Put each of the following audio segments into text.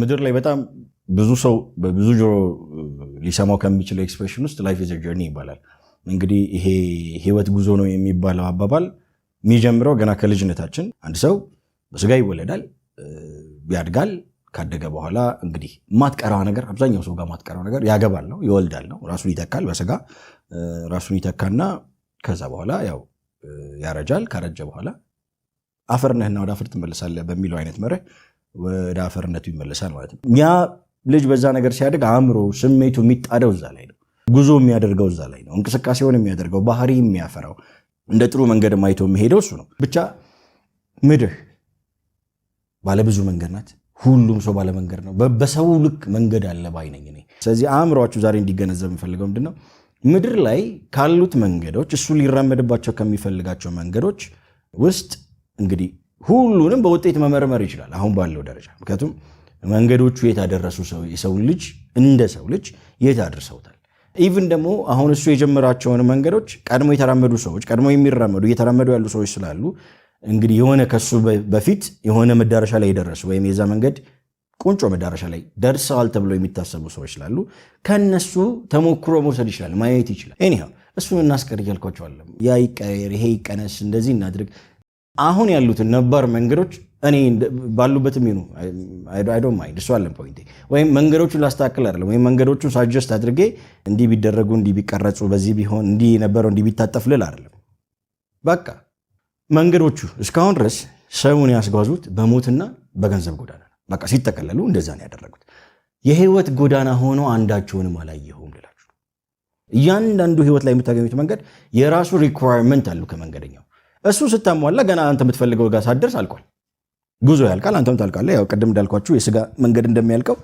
ምድር ላይ በጣም ብዙ ሰው በብዙ ጆሮ ሊሰማው ከሚችለው ኤክስፕሬሽን ውስጥ ላይፍ ኢዝ ጀርኒ ይባላል። እንግዲህ ይሄ ህይወት ጉዞ ነው የሚባለው አባባል የሚጀምረው ገና ከልጅነታችን። አንድ ሰው በስጋ ይወለዳል፣ ያድጋል። ካደገ በኋላ እንግዲህ ማትቀራ ነገር አብዛኛው ሰው ጋር ማትቀራ ነገር ያገባል ነው ይወልዳል ነው ራሱን ይተካል፣ በስጋ ራሱን ይተካና ከዛ በኋላ ያው ያረጃል። ካረጀ በኋላ አፈር ነህና ወደ አፈር ትመለሳለህ በሚለው አይነት መርህ ወደ አፈርነቱ ይመለሳል ማለት ነው። ያ ልጅ በዛ ነገር ሲያደግ አእምሮ፣ ስሜቱ የሚጣደው እዛ ላይ ነው። ጉዞ የሚያደርገው እዛ ላይ ነው። እንቅስቃሴውን የሚያደርገው ባህሪ የሚያፈራው እንደ ጥሩ መንገድ ማይቶ የሚሄደው እሱ ነው። ብቻ ምድር ባለብዙ መንገድ ናት። ሁሉም ሰው ባለመንገድ ነው። በሰው ልክ መንገድ አለ ባይነኝ እኔ። ስለዚህ አእምሯችሁ ዛሬ እንዲገነዘብ የሚፈልገው ምንድን ነው? ምድር ላይ ካሉት መንገዶች እሱ ሊራመድባቸው ከሚፈልጋቸው መንገዶች ውስጥ እንግዲህ ሁሉንም በውጤት መመርመር ይችላል አሁን ባለው ደረጃ። ምክንያቱም መንገዶቹ የታደረሱ የሰው ልጅ እንደ ሰው ልጅ የት አድርሰውታል። ኢቭን ደግሞ አሁን እሱ የጀመራቸውን መንገዶች ቀድሞ የተራመዱ ሰዎች ቀድሞ የሚራመዱ እየተራመዱ ያሉ ሰዎች ስላሉ እንግዲህ የሆነ ከሱ በፊት የሆነ መዳረሻ ላይ የደረሱ ወይም የዛ መንገድ ቁንጮ መዳረሻ ላይ ደርሰዋል ተብሎ የሚታሰቡ ሰዎች ስላሉ ከነሱ ተሞክሮ መውሰድ ይችላል፣ ማየት ይችላል። ኒው እሱን እናስቀር እያልኳቸዋለሁ። ያ ይቀየር፣ ይሄ ይቀነስ፣ እንደዚህ እናድርግ አሁን ያሉትን ነባር መንገዶች እኔ ባሉበት ይኑ አይዶ ማይንድ እሱ አለን ፖይንቴ ወይም መንገዶቹን ላስተካክል አይደለም ወይም መንገዶቹን ሳጀስት አድርጌ እንዲህ ቢደረጉ እንዲህ ቢቀረጹ በዚህ ቢሆን እንዲህ የነበረው እንዲህ ቢታጠፍ ልል አይደለም። በቃ መንገዶቹ እስካሁን ድረስ ሰውን ያስጓዙት በሞትና በገንዘብ ጎዳና ነው። በቃ ሲጠቀለሉ እንደዛ ነው ያደረጉት። የህይወት ጎዳና ሆኖ አንዳቸውንም አላየሁም ልላችሁ እያንዳንዱ ህይወት ላይ የምታገኙት መንገድ የራሱ ሪኳርመንት አሉ ከመንገደኛው እሱ ስታሟላ ገና አንተ የምትፈልገው ጋር ሳደርስ አልቋል። ጉዞ ያልቃል፣ አንተም ታልቃለህ። ያው ቅድም እንዳልኳችሁ የስጋ መንገድ እንደሚያልቀው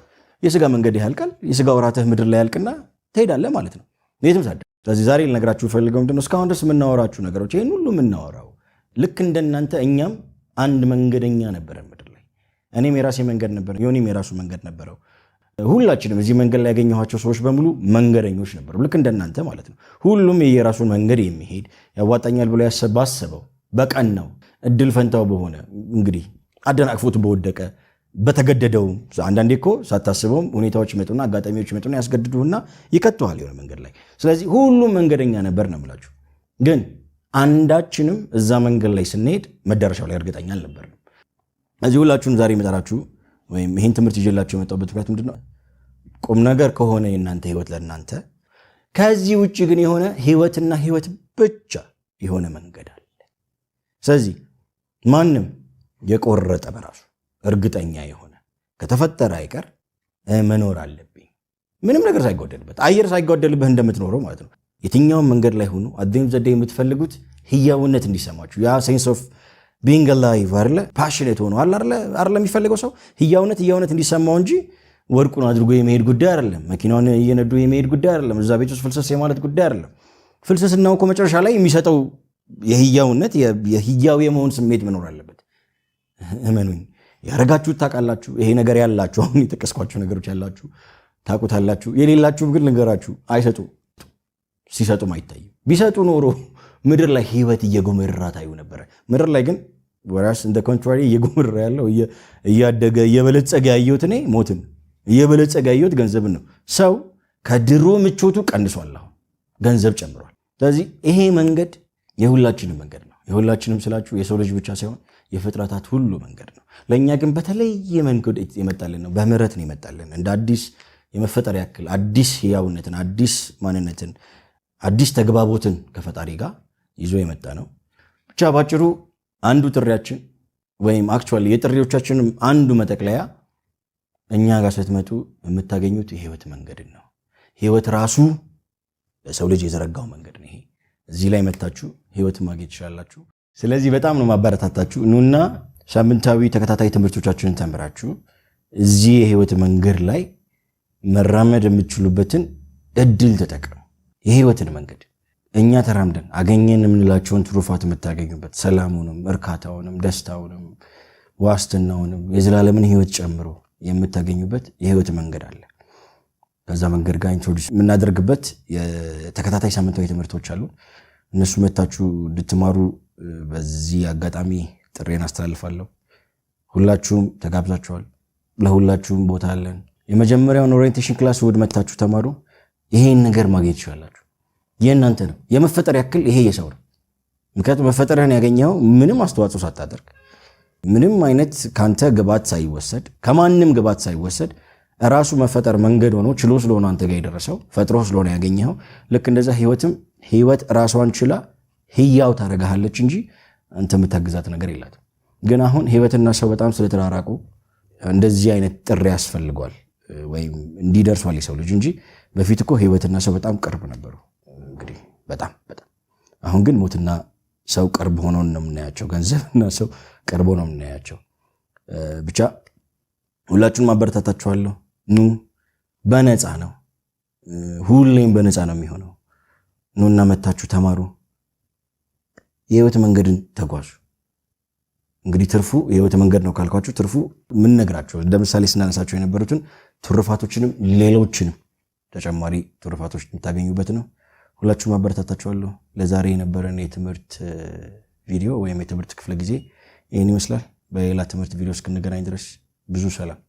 የስጋ መንገድ ያልቃል። የስጋ ወራትህ ምድር ላይ ያልቅና ትሄዳለህ ማለት ነው፣ የትም ሳትደርስ። ስለዚህ ዛሬ ልነግራችሁ ፈልገው ምንድነው እስካሁን ድረስ የምናወራችሁ ነገሮች ይህን ሁሉ የምናወራው ልክ እንደናንተ እኛም አንድ መንገደኛ ነበረ ምድር ላይ። እኔም የራሴ መንገድ ነበረ፣ ዮኒም የራሱ መንገድ ነበረው። ሁላችንም እዚህ መንገድ ላይ ያገኘኋቸው ሰዎች በሙሉ መንገደኞች ነበሩ፣ ልክ እንደናንተ ማለት ነው። ሁሉም የየራሱን መንገድ የሚሄድ ያዋጣኛል ብሎ ባሰበው በቀን ነው እድል ፈንታው በሆነ እንግዲህ አደናቅፎት በወደቀ በተገደደው አንዳንዴ እኮ ሳታስበውም ሁኔታዎች ይመጡና አጋጣሚዎች ይመጡና ያስገድዱና ይከተዋል የሆነ መንገድ ላይ። ስለዚህ ሁሉም መንገደኛ ነበር ነው የምላችሁ። ግን አንዳችንም እዛ መንገድ ላይ ስንሄድ መዳረሻው ላይ እርግጠኛ አልነበርንም። እዚህ ሁላችሁም ዛሬ የመጠራችሁ ወይም ይህን ትምህርት ይዤላቸው የመጣሁበት ምክንያት ምንድን ነው? ቁም ነገር ከሆነ የእናንተ ህይወት ለእናንተ ከዚህ ውጭ ግን የሆነ ህይወትና ህይወት ብቻ የሆነ መንገድ አለ። ስለዚህ ማንም የቆረጠ በራሱ እርግጠኛ የሆነ ከተፈጠረ አይቀር መኖር አለብኝ ምንም ነገር ሳይጓደልበት አየር ሳይጓደልብህ እንደምትኖረው ማለት ነው። የትኛውም መንገድ ላይ ሆኖ አደም ዘዴ የምትፈልጉት ህያውነት እንዲሰማችሁ ያ ሴንስ ኦፍ ቢንግ ላይ አለ ፓሽኔት ሆኖ አለ የሚፈልገው ሰው ህያውነት ህያውነት እንዲሰማው እንጂ ወርቁን አድርጎ የመሄድ ጉዳይ አይደለም። መኪናውን እየነዱ የመሄድ ጉዳይ አይደለም። እዛ ቤት ውስጥ ፍልሰስ የማለት ጉዳይ አይደለም። ፍልስስናው እኮ መጨረሻ ላይ የሚሰጠው የህያውነት የህያው የመሆን ስሜት መኖር አለበት። እመኑኝ፣ ያደረጋችሁት ታውቃላችሁ። ይሄ ነገር ያላችሁ አሁን የጠቀስኳቸው ነገሮች ያላችሁ ታውቁታላችሁ። የሌላችሁ ግን ልንገራችሁ፣ አይሰጡ ሲሰጡም አይታይም። ቢሰጡ ኖሮ ምድር ላይ ህይወት እየጎመራ ታዩ ነበረ። ምድር ላይ ግን ወራስ እንደ ኮንትራሪ እየጎመራ ያለው እያደገ እየበለጸገ ያየሁት እኔ ሞትን እየበለጸገ ያየሁት ገንዘብን ነው። ሰው ከድሮ ምቾቱ ቀንሷል፣ አሁን ገንዘብ ጨምሯል። ስለዚህ ይሄ መንገድ የሁላችንም መንገድ ነው። የሁላችንም ስላችሁ የሰው ልጅ ብቻ ሳይሆን የፍጥረታት ሁሉ መንገድ ነው። ለእኛ ግን በተለየ መንገድ የመጣልን ነው። በምህረት ነው የመጣልን እንደ አዲስ የመፈጠር ያክል አዲስ ህያውነትን፣ አዲስ ማንነትን፣ አዲስ ተግባቦትን ከፈጣሪ ጋር ይዞ የመጣ ነው። ብቻ ባጭሩ አንዱ ጥሪያችን ወይም አክቹዋሊ የጥሪዎቻችንም አንዱ መጠቅለያ እኛ ጋር ስትመጡ የምታገኙት የህይወት መንገድን ነው። ህይወት ራሱ ለሰው ልጅ የዘረጋው መንገድ ነው። ይሄ እዚህ ላይ መታችሁ ህይወት ማግኘት ትችላላችሁ። ስለዚህ በጣም ነው ማበረታታችሁ። ኑና ሳምንታዊ ተከታታይ ትምህርቶቻችንን ተምራችሁ እዚህ የህይወት መንገድ ላይ መራመድ የምትችሉበትን እድል ተጠቀሙ። የህይወትን መንገድ እኛ ተራምደን አገኘን የምንላቸውን ትሩፋት የምታገኙበት ሰላሙንም፣ እርካታውንም፣ ደስታውንም፣ ዋስትናውንም የዘላለምን ህይወት ጨምሮ የምታገኙበት የህይወት መንገድ አለ። ከዛ መንገድ ጋር ኢንትሮዲስ የምናደርግበት የተከታታይ ሳምንታዊ ትምህርቶች አሉ። እነሱ መታችሁ እንድትማሩ በዚህ አጋጣሚ ጥሬን አስተላልፋለሁ። ሁላችሁም ተጋብዛችኋል። ለሁላችሁም ቦታ አለን። የመጀመሪያውን ኦሪንቴሽን ክላስ እሑድ መታችሁ ተማሩ። ይሄን ነገር ማግኘት ይችላላችሁ። የእናንተ ነው። የመፈጠር ያክል ይሄ የሰው ነው። ምክንያቱም መፈጠርህን ያገኘው ምንም አስተዋጽኦ ሳታደርግ፣ ምንም አይነት ከአንተ ግባት ሳይወሰድ፣ ከማንም ግባት ሳይወሰድ ራሱ መፈጠር መንገድ ሆኖ ችሎ ስለሆነ አንተ ጋር የደረሰው ፈጥሮ ስለሆነ ያገኘው ልክ እንደዛ ህይወትም ህይወት ራሷን ችላ ህያው ታደርግሃለች እንጂ አንተ የምታግዛት ነገር የላትም። ግን አሁን ህይወትና ሰው በጣም ስለተራራቁ እንደዚህ አይነት ጥሪ ያስፈልጓል ወይም እንዲደርሷል የሰው ልጅ እንጂ በፊት እኮ ህይወትና ሰው በጣም ቅርብ ነበሩ። በጣም በጣም አሁን ግን ሞትና ሰው ቅርብ ሆኖ ነው የምናያቸው። ገንዘብና ሰው ቅርቦ ነው የምናያቸው። ብቻ ሁላችሁን ማበረታታችኋለሁ። ኑ በነፃ ነው፣ ሁሌም በነፃ ነው የሚሆነው። ኑና መታችሁ ተማሩ፣ የህይወት መንገድን ተጓዙ። እንግዲህ ትርፉ የህይወት መንገድ ነው ካልኳችሁ ትርፉ ምን ነግራችሁ ለምሳሌ ስናነሳቸው የነበሩትን ትሩፋቶችንም ሌሎችንም ተጨማሪ ትሩፋቶች የምታገኙበት ነው። ሁላችሁም አበረታታችኋለሁ። ለዛሬ የነበረን የትምህርት ቪዲዮ ወይም የትምህርት ክፍለ ጊዜ ይህን ይመስላል። በሌላ ትምህርት ቪዲዮ እስክንገናኝ ድረስ ብዙ ሰላም